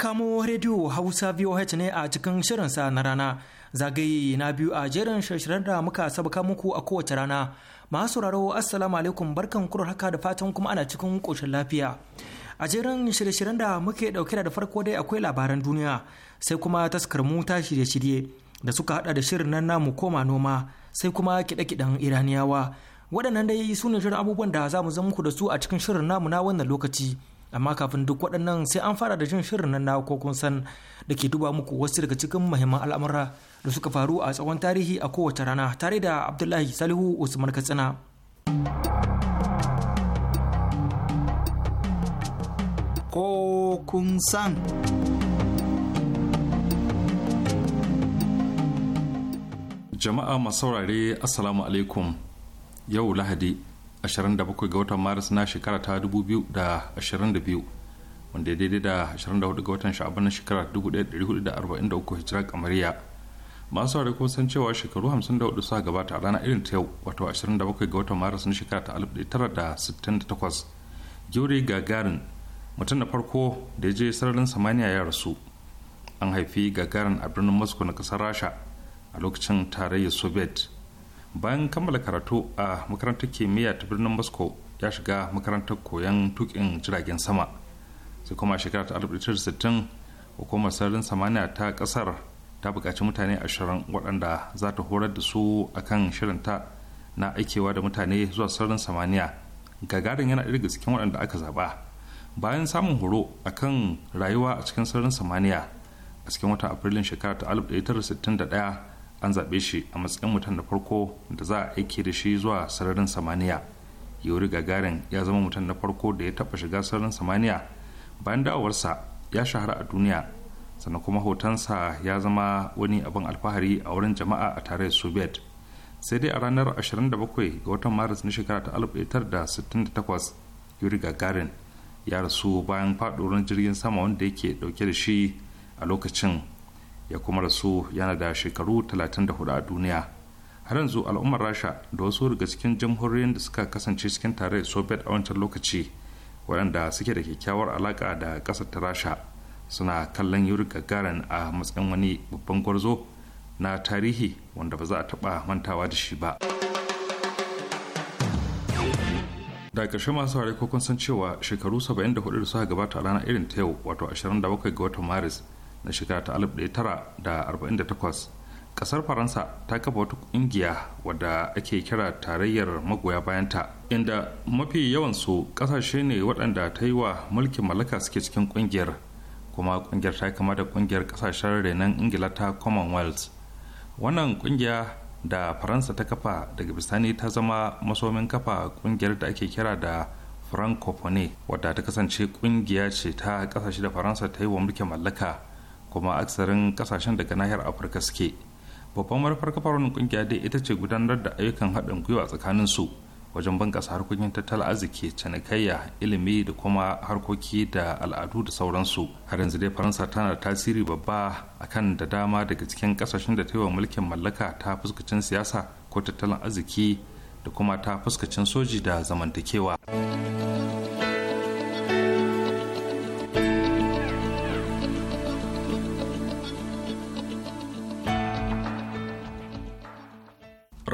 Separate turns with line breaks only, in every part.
kamo rediyo Hausa VOH ne a cikin shirinsa na rana. Zagaye na biyu a jerin shirin da muka sabuka muku a kowace rana. Masu raro Assalamu alaikum barkan kurar haka da fatan kuma ana cikin ƙoshin lafiya. A jerin shirye-shiryen da muke ɗauke da farko dai akwai labaran duniya sai kuma taskar mu ta shirye-shirye da suka hada da shirin nan namu koma noma sai kuma kiɗe-kiɗen Iraniyawa. Waɗannan dai su ne shirin abubuwan da za mu zama muku da su a cikin shirin namu na wannan lokaci. amma kafin duk waɗannan sai an fara da jin shirin nan na kun san da ke duba muku wasu daga cikin mahimman al'amura da suka faru a tsawon tarihi a kowace rana tare da abdullahi salihu usman katsina
ko kun san
jama'a masaurare assalamu alaikum yau lahadi 27 ga watan maris na shekara ta 2022 wanda daidai da 24 ga watan sha'aban na shekara 1443 hijira kamariya masu saurari kuma san cewa shekaru 54 suka gabata a ranar irin ta yau wato 27 ga watan maris na shekara ta 1968 yuri gagarin mutum na farko da ya je sararin samaniya ya rasu an haifi gagarin a birnin moscow na kasar rasha a lokacin tarayyar soviet bayan kammala karatu a makarantar kimiyya ta birnin moscow ya shiga makarantar koyon tukin jiragen sama sai kuma shekara ta 1960 hukumar sararin samaniya ta kasar ta bukaci mutane ashirin waɗanda za ta horar da su akan shirinta na aikewa da mutane zuwa sararin samaniya gagarin yana daga cikin waɗanda aka zaba bayan samun horo akan rayuwa a cikin sararin samaniya a cikin watan afrilun shekara ta 1961 an zaɓe shi a matsayin mutum na farko da za a aiki da shi zuwa sararin samaniya yuri gagarin ya zama mutum na farko da ya taɓa shiga sararin samaniya bayan dawarsa ya shahara a duniya sannan kuma hotonsa ya zama wani abin alfahari a wurin jama'a a tarayyar soviet sai dai a ranar 27 ga watan maris na shekara ta 1968 yuri gagarin ya rasu bayan faɗuwar jirgin sama wanda yake ɗauke da shi a lokacin ya kuma rasu yana da shekaru 34 a duniya har yanzu al'ummar rasha da wasu daga cikin jamhuriyar da suka kasance cikin tarayyar soviet a wancan lokaci waɗanda suke da kyakkyawar alaka da ƙasar ta rasha suna kallon yuri gagarin a matsayin wani babban gwarzo na tarihi wanda ba za a taɓa mantawa da shi ba da ƙarshe masu ware kun san cewa shekaru 74 da suka gabata a ranar irin ta yau wato 27 ga watan maris na shekara ta 1948 kasar faransa ta kafa wata kungiya wadda ake kira tarayyar magoya bayanta inda mafi yawansu kasashe ne waɗanda ta yi wa mulkin mallaka suke cikin kungiyar kuma kungiyar ta kama da kungiyar kasashen renon ingila ta commonwealth wannan kungiya da faransa ta kafa daga bisani ta zama masomin kafa kungiyar da ake kira da francophonie wadda ta kasance kungiya ce ta kasashe da faransa ta yi wa mulkin mallaka kuma aksarin kasashen daga nahiyar afirka suke babban manufar kafar wannan kungiya dai ita ce gudanar da ayyukan haɗin gwiwa tsakanin su wajen bunƙasa harkokin tattalin arziki cinikayya ilimi da kuma harkoki da al'adu da sauransu har yanzu dai faransa tana da tasiri babba akan da dama daga cikin kasashen da ta yi wa mulkin mallaka ta fuskacin siyasa ko tattalin arziki da kuma ta fuskacin soji da zamantakewa.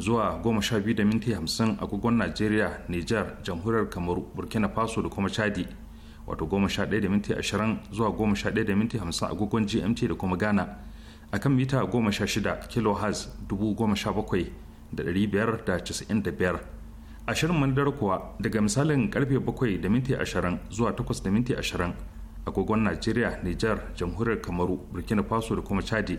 zuwa goma sha biyu da agogon najeriya nijar jamhuriyar kamaru burkina faso da kuma chadi wato goma sha ɗaya da zuwa goma sha ɗaya da minti hamsin agogon gmt da kuma ghana akan mita goma sha shida kilohertz dubu goma bakwai da biyar da da biyar ashirin mandar kuwa daga misalin karfe bakwai da minti ashirin zuwa takwas da minti ashirin agogon najeriya nijar jamhuriyar kamaru burkina faso da kuma chadi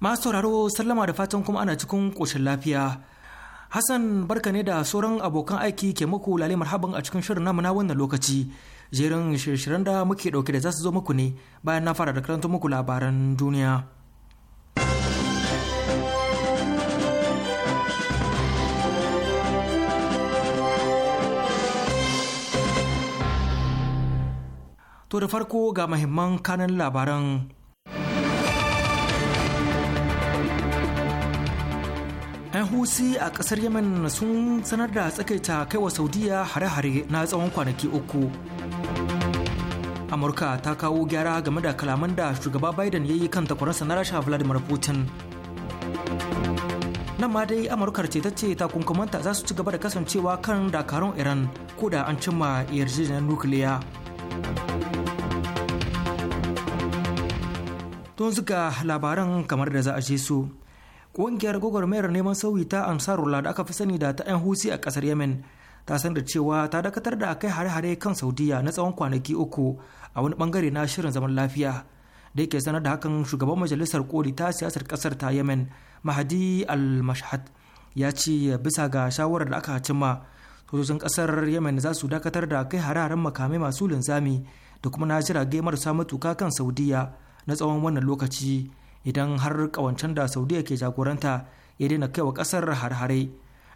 masu sauraro sallama da fatan kuma ana cikin ƙoshin lafiya hassan barka ne da sauran abokan aiki ke muku lale marhaban a cikin shirin namu na wannan lokaci jerin shirye-shiryen da muke ɗauke da za su zo muku ne bayan na fara da karanta muku labaran duniya To da farko ga mahimman kanan labaran 'yan husi a kasar yemen sun sanar da tsakaita kaiwa saudiya hare-hare na tsawon kwanaki uku amurka ta kawo gyara game da kalaman da shugaba biden ya yi kan takwaransa na rasha vladimir putin nan ma dai amurkar ce ta ce takunkumanta za su ci gaba da kasancewa kan dakarun iran ko da an cimma yarjejeniyar nukiliya Tun zuga labaran kamar da za a je su ƙungiyar gwagwarmayar neman sauyi ta ansarullah da aka fi sani da ta 'yan husi a ƙasar yemen ta sanar da cewa ta dakatar da kai hare-hare kan saudiya na tsawon kwanaki uku a wani bangare na shirin zaman lafiya da yake sanar da hakan shugaban majalisar koli ta siyasar ƙasar ta yemen mahadi al-mashhad ya ce bisa ga shawarar da aka cimma sojojin ƙasar yemen za su dakatar da kai hare-haren makamai masu linzami da kuma na jirage marasa matuka kan saudiya na tsawon wannan lokaci idan har kawancen da saudiya ke jagoranta ya daina kai wa kasar har-hare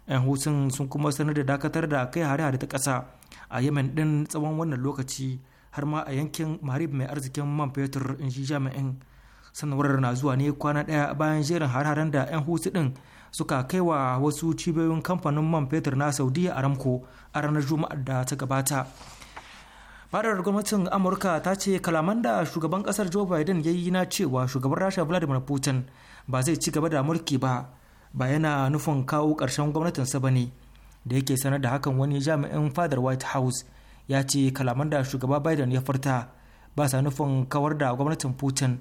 yan hutun sun kuma sanar da dakatar da kai hare-hare ta kasa a yemen din tsawon wannan lokaci har ma a yankin marib mai arzikin man fetur in ji jami'in sanarwar na zuwa ne kwana daya bayan jerin har-haren da yan hutu din suka kai wa wasu cibiyoyin kamfanin man fetur na saudiya aramco a ranar juma'ar da ta gabata fadar gwamnatin amurka ta ce kalaman da shugaban kasar joe biden ya yi na cewa shugaban rasha vladimir putin ba zai ci gaba da mulki ba ba yana nufin kawo ƙarshen gwamnatinsa ba ne da yake sanar da hakan wani jami'in fadar white house ya ce kalaman da shugaba biden ya furta ba sa nufin kawar da gwamnatin putin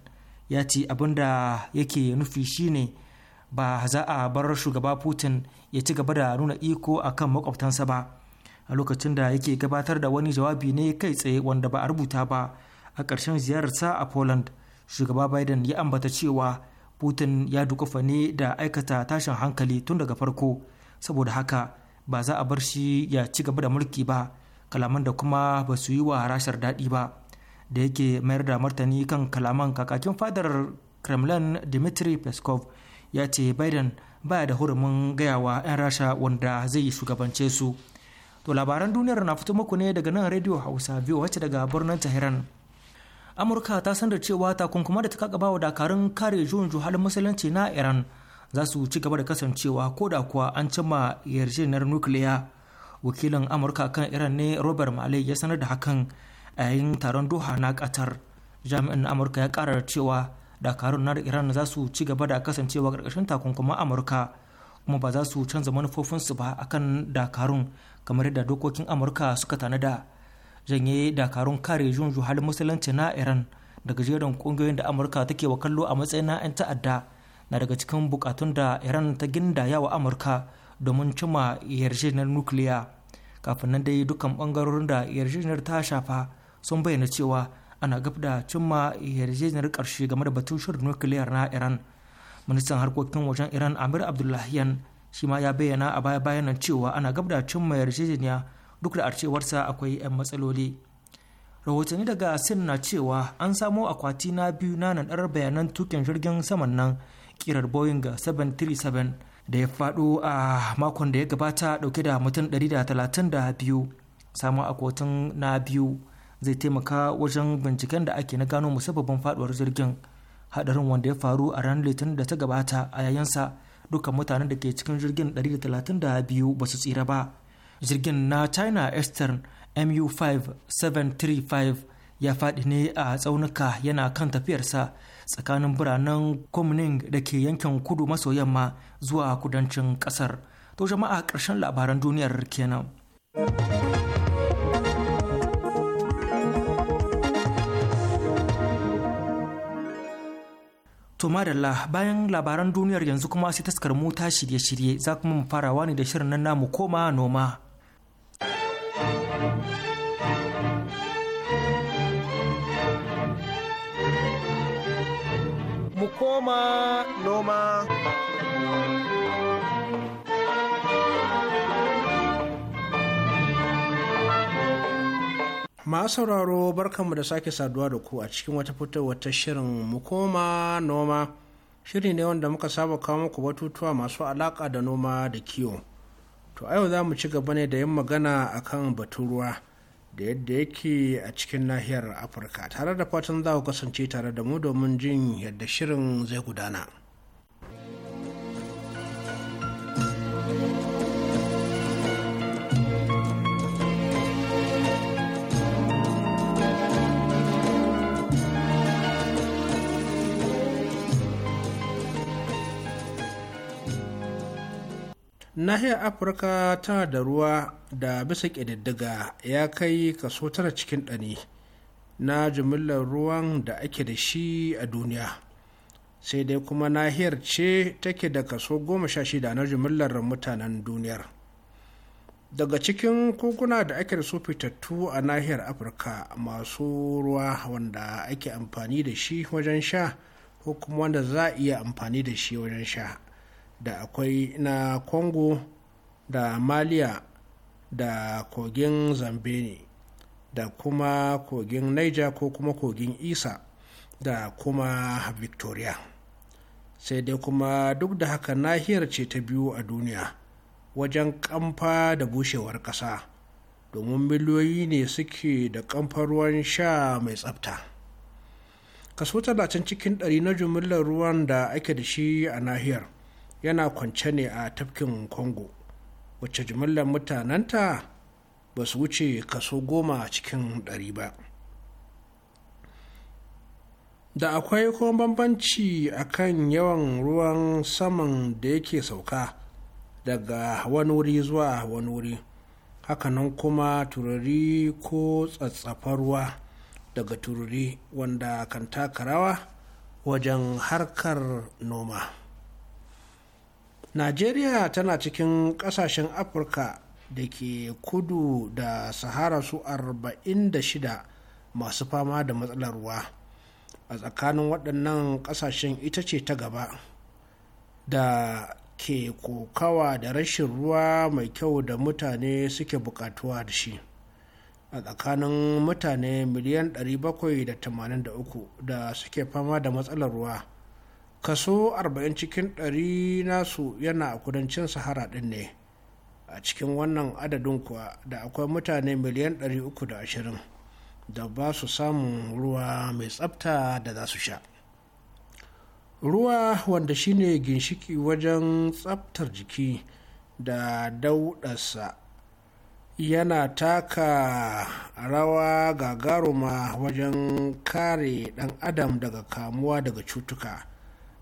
ya ce abin da yake nufi shine ba za a bar shugaba putin ya ci gaba da nuna iko akan makwabtansa ba a lokacin da yake gabatar da wani jawabi ne kai tsaye wanda ba a rubuta ba a ƙarshen ziyararsa a poland shugaba biden ya ambata cewa putin ya dukufa ne da aikata tashin hankali tun daga farko saboda haka ba za a bar shi ya ci gaba da mulki ba kalaman da kuma ba su yi wa rashar daɗi ba da yake mayar da martani kan kalaman kakakin fadar kremlin dmitry peskov ya ce biden baya da hurumin gayawa 'yan rasha wanda zai shugabance su To labaran duniyar na fito muku ne daga nan Radio Hausa biyu wacce daga birnin Tehran. Amurka ta sanar cewa takunkuma da ta kaba wa dakarun kare juyin juhalin musulunci na Iran za su ci gaba da kasancewa ko da kuwa an cimma yarjejeniyar nukiliya. Wakilin Amurka kan Iran ne Robert Malay ya sanar da hakan a yayin taron Doha na Qatar. Jami'in Amurka ya karar cewa dakarun na Iran za su ci gaba da kasancewa ƙarƙashin takunkuman Amurka. kuma ba za su canza manufofinsu ba akan dakarun kamar yadda dokokin amurka suka tanada janye dakarun kare junju halin musulunci na iran daga jerin kungiyoyin da amurka take wa kallo a matsayin na 'yan ta'adda na daga cikin bukatun da iran ta gindaya wa amurka domin cima yarjejeniyar nukiliya kafin nan dai dukkan bangarorin da yarjejeniyar ta shafa sun bayyana cewa ana gab da cimma yarjejeniyar karshe game da batun shirin nukiliyar na iran ministan harkokin wajen iran amir abdullahiyan shi ma ya bayyana a baya bayan cewa ana gabda cimma yarjejeniya duk da arcewarsa akwai 'yan matsaloli rahotanni daga sin na cewa an samo akwati na biyu na nadar bayanan tukin jirgin saman nan kirar boeing 737 da ya faɗo a makon da ya gabata dauke da mutum 132 samun akwatin na biyu zai taimaka wajen binciken da ake na gano musabbabin faduwar jirgin hadarin wanda ya faru a ranar litinin da ta gabata a yayansa dukkan mutanen da ke cikin jirgin 132 ba su tsira ba jirgin na china eastern mu 5735 ya faɗi ne a tsaunuka yana kan tafiyarsa tsakanin biranen komning da ke yankin kudu maso yamma zuwa kudancin ƙasar to jama'a ƙarshen labaran duniyar kenan. To madalla bayan labaran duniyar yanzu kuma sai taskar mu ta shirye-shirye za kuma mu farawa ne da shirin nan namu koma noma. Mu koma noma.
masu sauraro barkanmu da sake saduwa da ku a cikin wata fitowar ta shirin mu koma noma shiri ne wanda muka saba kawo muku batutuwa masu alaka da noma da kiwo to a yau za mu ci gaba ne da yin magana akan batun ruwa da yadda yake a cikin nahiyar afirka tare da fatan za ku kasance tare da mu domin jin yadda shirin zai gudana. nahiyar afirka tana da ruwa da bisa ƙididdiga ya kai kaso tara cikin ɗani na jimillar ruwan da ake da shi a duniya sai dai kuma nahiyar ce take da kaso goma sha shida na jimillar mutanen duniyar daga cikin koguna da ake da su fitattu a nahiyar afirka masu ruwa wanda ake amfani da shi wajen sha ko kuma wanda za a iya amfani da shi wajen sha da akwai na congo da Malia da kogin zambeni da kuma kogin niger ko kuma kogin isa da kuma victoria sai dai kuma duk da haka nahiyar ce ta biyu a duniya wajen kamfa da bushewar ƙasa domin miliyoyi ne suke da kamfar ruwan sha mai tsafta kaso talatin cikin ɗari na jumillar ruwan da ake da shi a nahiyar yana kwance ne a tafkin congo wacce jimillar mutanenta ba su wuce kaso goma cikin ɗari ba da akwai kuma bambanci akan yawan ruwan saman da yake sauka daga wani wuri zuwa wani wuri hakanan kuma tururi ko tsatsafar ruwa daga tururi wanda kan taka rawa wajen harkar noma. najeriya tana cikin kasashen afirka da ke kudu da sahara su 46 masu fama da matsalar ruwa a tsakanin waɗannan kasashen ita ce ta gaba da ke kokawa da rashin ruwa mai kyau da mutane suke bukatuwa da shi a tsakanin mutane miliyan 783 da suke fama da matsalar ruwa kaso 40 cikin 100 nasu yana a kudancin sahara din ne a cikin wannan adadin kuwa da akwai mutane miliyan 320 da ba su samun ruwa mai tsabta da za su sha ruwa wanda shine ginshiki wajen tsabtar jiki da dauɗarsa yana taka rawa gagaruma wajen kare ɗan adam daga kamuwa daga cutuka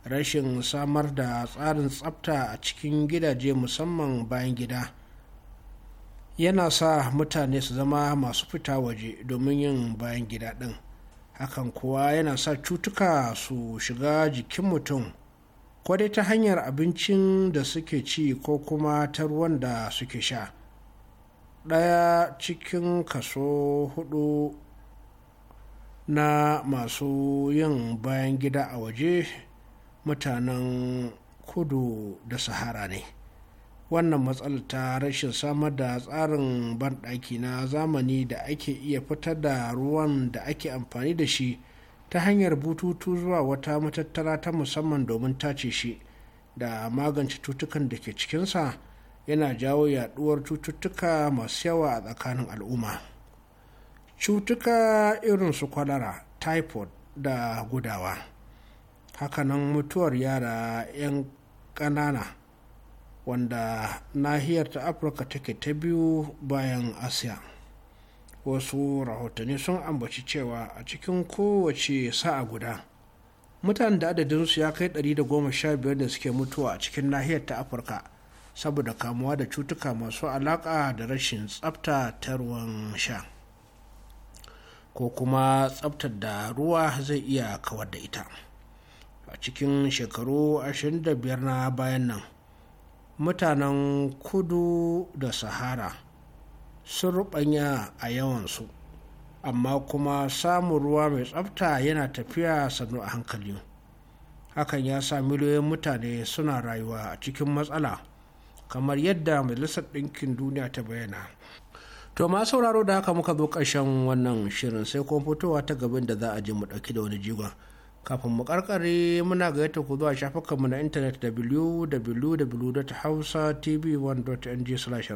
rashin samar da tsarin tsafta a cikin gidaje musamman bayan gida yana sa mutane su zama masu fita waje domin yin bayan gida ɗin hakan kuwa yana sa cutuka su shiga jikin mutum ko dai ta hanyar abincin da suke ci ko kuma ta ruwan da suke sha ɗaya cikin kaso hudu na masu yin bayan gida a waje mutanen kudu da sahara ne wannan matsalar ta rashin samar da tsarin banɗaki na zamani da ake iya fitar da ruwan da ake amfani da shi ta hanyar bututu zuwa wata matattara ta musamman domin tace shi da magance cutukan da ke cikinsa yana jawo yaduwar cututtuka masu yawa a tsakanin al'umma cutuka irin su kwalara typhoid da gudawa hakanan mutuwar yara 'yan ƙanana wanda nahiyar ta afirka take ta biyu bayan asiya wasu rahotanni sun ambaci cewa a cikin kowace sa'a guda mutanen da adadinsu ya kai 115 da suke mutuwa a cikin nahiyar ta afirka saboda kamuwa da cutuka masu alaƙa da rashin tsafta ta ruwan sha ko kuma tsaftar da ruwa zai iya kawar da ita a cikin shekaru 25 na bayan nan mutanen kudu da sahara sun rubanya a yawansu amma kuma samun ruwa mai tsafta yana tafiya sannu a hankali hakan ya sa miliyoyin mutane suna rayuwa a cikin matsala kamar yadda majalisar ɗinkin duniya ta bayyana to ma sauraro da haka muka zo ƙarshen wannan shirin sai kuma fitowa ta gabin da za a je mu ɗauki da wani jigon kafin mu karkare muna gayyata ku zuwa shafukanmu na intanet www.hausatv1.ng/radio slash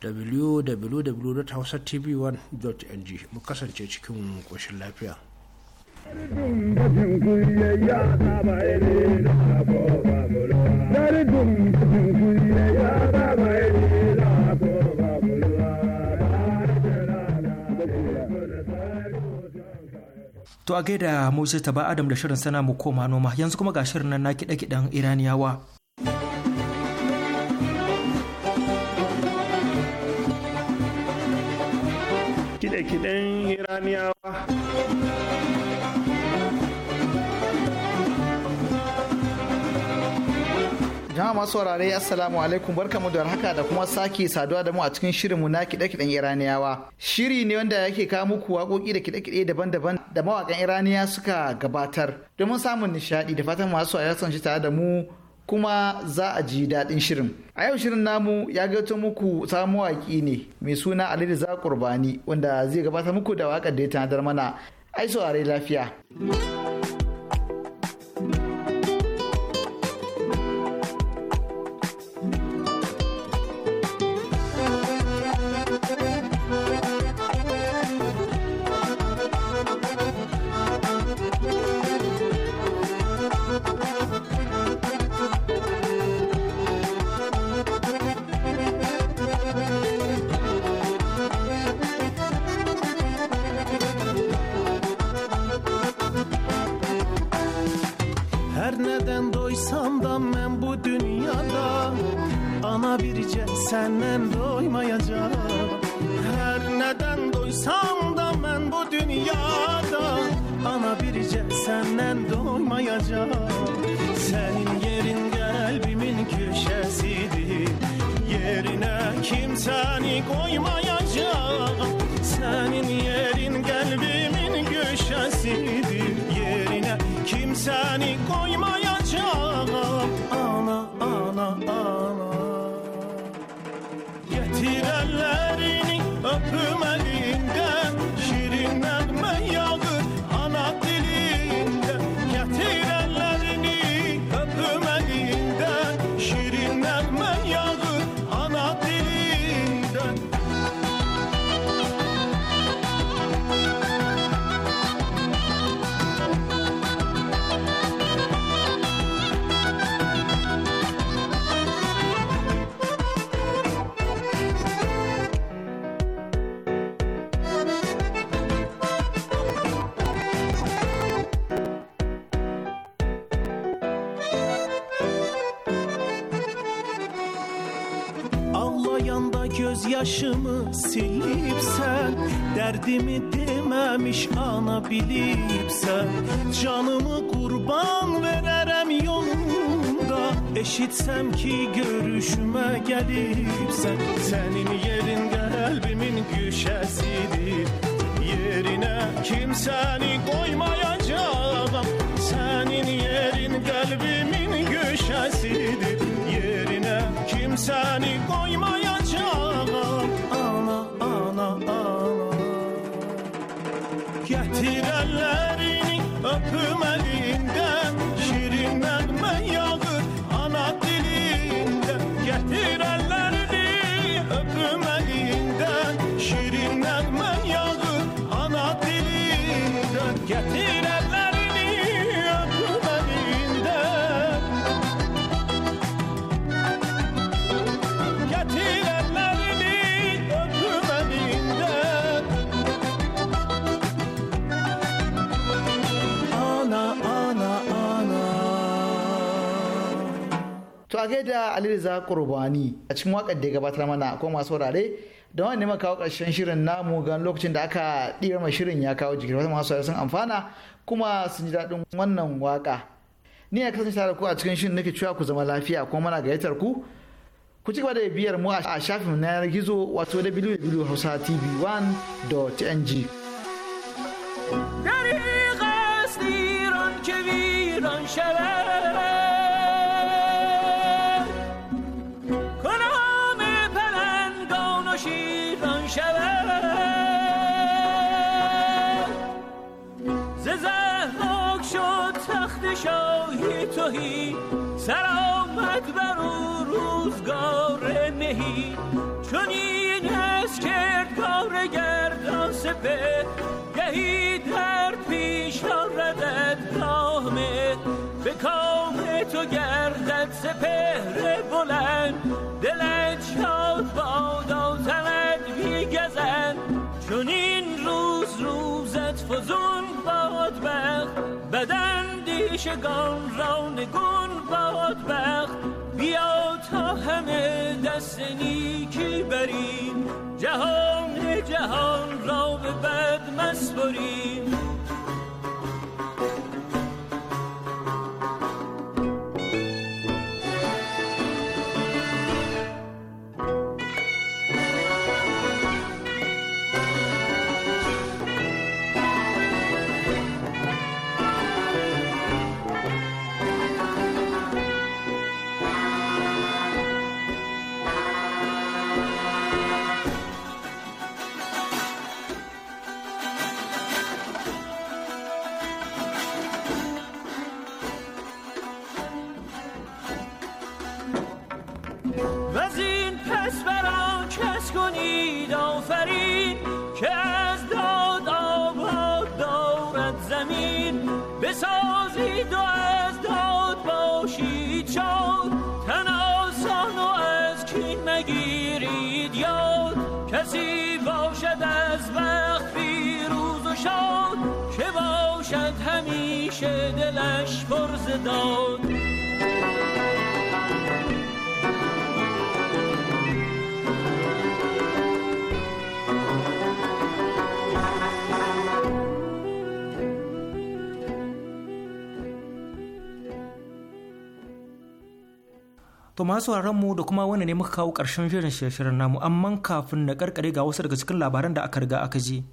www.hausatv1.ng mu kasance cikin ƙoshin lafiya.
Dari dum dum kuyi ya ba ba
To a gaida Musa Taba Adam da shirin sana mu koma noma yanzu kuma ga shirin nan na kiɗe-kiɗen Iraniyawa.
Kiɗe-kiɗen Iraniyawa.
jama'a masu warare assalamu alaikum barkamu da haka da kuma sake saduwa da mu a cikin shirinmu na kiɗe-kiɗen iraniyawa shiri ne wanda yake kawo muku waƙoƙi da kiɗe-kiɗe daban-daban da mawakan iraniya suka gabatar domin samun nishaɗi da fatan masu a sun shi tare da mu kuma za a ji daɗin shirin a yau shirin namu ya gato muku samu mawaƙi ne mai suna ali da kurbani wanda zai gabatar muku da waƙar da ya tanadar mana ai saurare lafiya.
Hatice senden doymayacağım. Her neden doysam da ben bu dünyada Ana birice senden doymayacağım. Senin yerin kalbimin köşesidir Yerine kimseni koymayacağım. silip sen Derdimi dememiş ana bilip sen Canımı kurban vererem yolunda Eşitsem ki görüşüme gelip sen Senin yerin kalbimin güşesidir Yerine kimseni koymayacağım Senin yerin kalbimin güşesidir Yerine kimseni koymayacağım
da gaida aliriza kurbani a cikin wakar da ya gabatar mana ko masu saurare da wani neman kawo karshen shirin namu gan lokacin da aka ɗira mai shirin ya kawo jikin wata masu sun amfana kuma sun ji daɗin wannan waka ni ya kasance tare ku a cikin shirin nake cewa ku zama lafiya kuma mana gayyatar ku ku ci gaba da biyar mu a shafin na yanar gizo wato hausa tv1.ng.
گهی در پیش آردد نامه به کام تو گردد سپهر بلند دلت شاد باد آتمد بیگزن چون این روز روزت فزون بادبخت بدن دیشگان را نگون بادبخت بیا تا همه دست نیکی بریم جهان جهان را به بد مسپریم آفرین که از داد آباد دارد زمین بسازید و از داد باشید شاد تن آسان و از کین مگیرید یاد کسی باشد از وقت بیروز و شاد که باشد همیشه دلش پرز داد
To masu mu da kuma wani ne muka kawo ƙarshen shirin shirin namu amma kafin na karkare ga wasu daga cikin labaran da aka riga aka ji.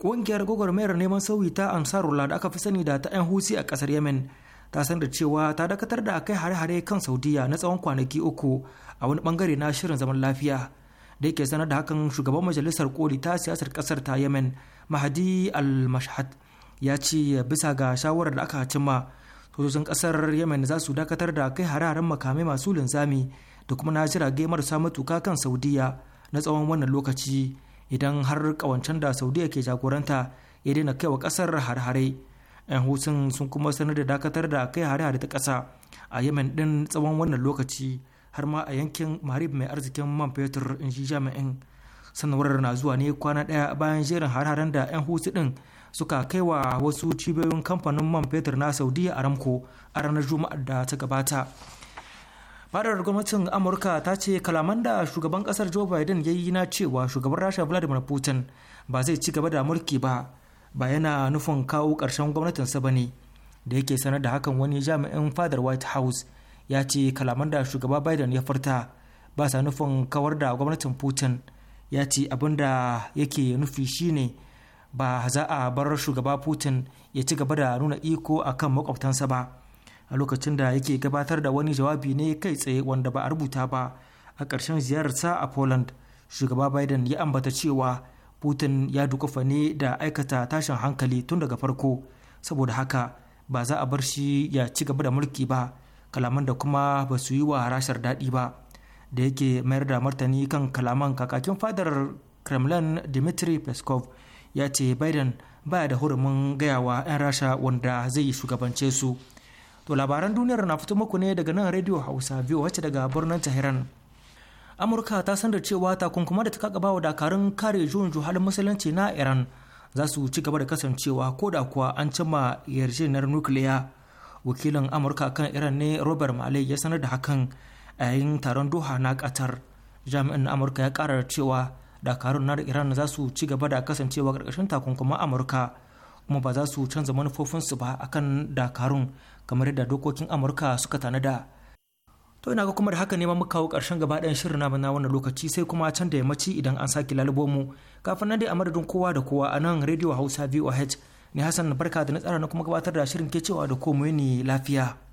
Ƙungiyar gwagwarmayar neman sauyi ta Ansarullah da aka fi sani da ta 'yan Husi a kasar Yemen ta san da cewa ta dakatar da akai hare-hare kan Saudiya na tsawon kwanaki uku a wani bangare na shirin zaman lafiya. Da yake sanar da hakan shugaban majalisar koli ta siyasar ƙasar ta Yemen Mahadi al-Mashhad ya ce bisa ga shawarar da aka cimma sojojin kasar yemen za su dakatar da kai hararen makamai masu linzami da kuma na jirage marasa matuka kan saudiya na tsawon wannan lokaci idan har kawancen da saudiya ke jagoranta ya daina kaiwa kasar har-hare yan hutun sun kuma sanar da dakatar da kai harare ta kasa a yemen din tsawon wannan lokaci har ma a yankin marib mai arzikin man fetur in shi jami'in sanarwar na zuwa ne kwana daya bayan jerin har-haren da yan hutu din suka kai wa wasu cibiyoyin kamfanin man fetur na saudiya ramko a ranar juma'ar da ta gabata fadar gwamnatin amurka ta ce kalaman da shugaban kasar joe biden ya yi na cewa shugaban rasha vladimir putin ba zai ci gaba da mulki ba ba yana nufin kawo ƙarshen gwamnatinsa ba ne da yake sanar da hakan wani jami'in fadar white house ya ce kalaman da shugaba biden ya furta ba sa nufin kawar da gwamnatin putin ya ce abin da yake nufi shine ba za a bar shugaba putin ya ci gaba da nuna iko a kan makwabtansa ba a lokacin da yake gabatar da wani jawabi ne kai tsaye wanda ba a rubuta ba a ƙarshen ziyararsa a poland shugaba biden ya ambata cewa putin ya dukufa ne da aikata tashin hankali tun daga farko saboda haka ba za a bar shi ya ci gaba da mulki ba kalaman da kuma ba su yi wa rashar daɗi ba da yake mayar da martani kan kalaman kakakin fadar kremlin dmitry peskov ya ce biden baya da hurumin gayawa 'yan rasha wanda zai shugabance su to labaran duniyar na fito muku ne daga nan radio hausa biyu wacce daga birnin tehran amurka ta sanda cewa takunkuma da ta kaka wa dakarun kare juyin juhalin musulunci na iran za su ci gaba da kasancewa ko da kuwa an cimma yarjejeniyar nukiliya wakilin amurka kan iran ne robert malay ya sanar da hakan a yayin taron doha na qatar jami'in amurka ya karar cewa dakarun na da iran za su ci gaba da kasancewa ƙarƙashin takunkuman amurka kuma ba za su canza manufofinsu ba akan dakarun kamar yadda dokokin amurka suka tanada to ina ga kuma da haka ne mu kawo ƙarshen gaba ɗayan shirin namu na wannan lokaci sai kuma can da yammaci idan an sake lalubo mu kafin nan dai a madadin kowa da kowa a nan radio hausa voh ne hassan barka da na tsara na kuma gabatar da shirin ke cewa da komai ne lafiya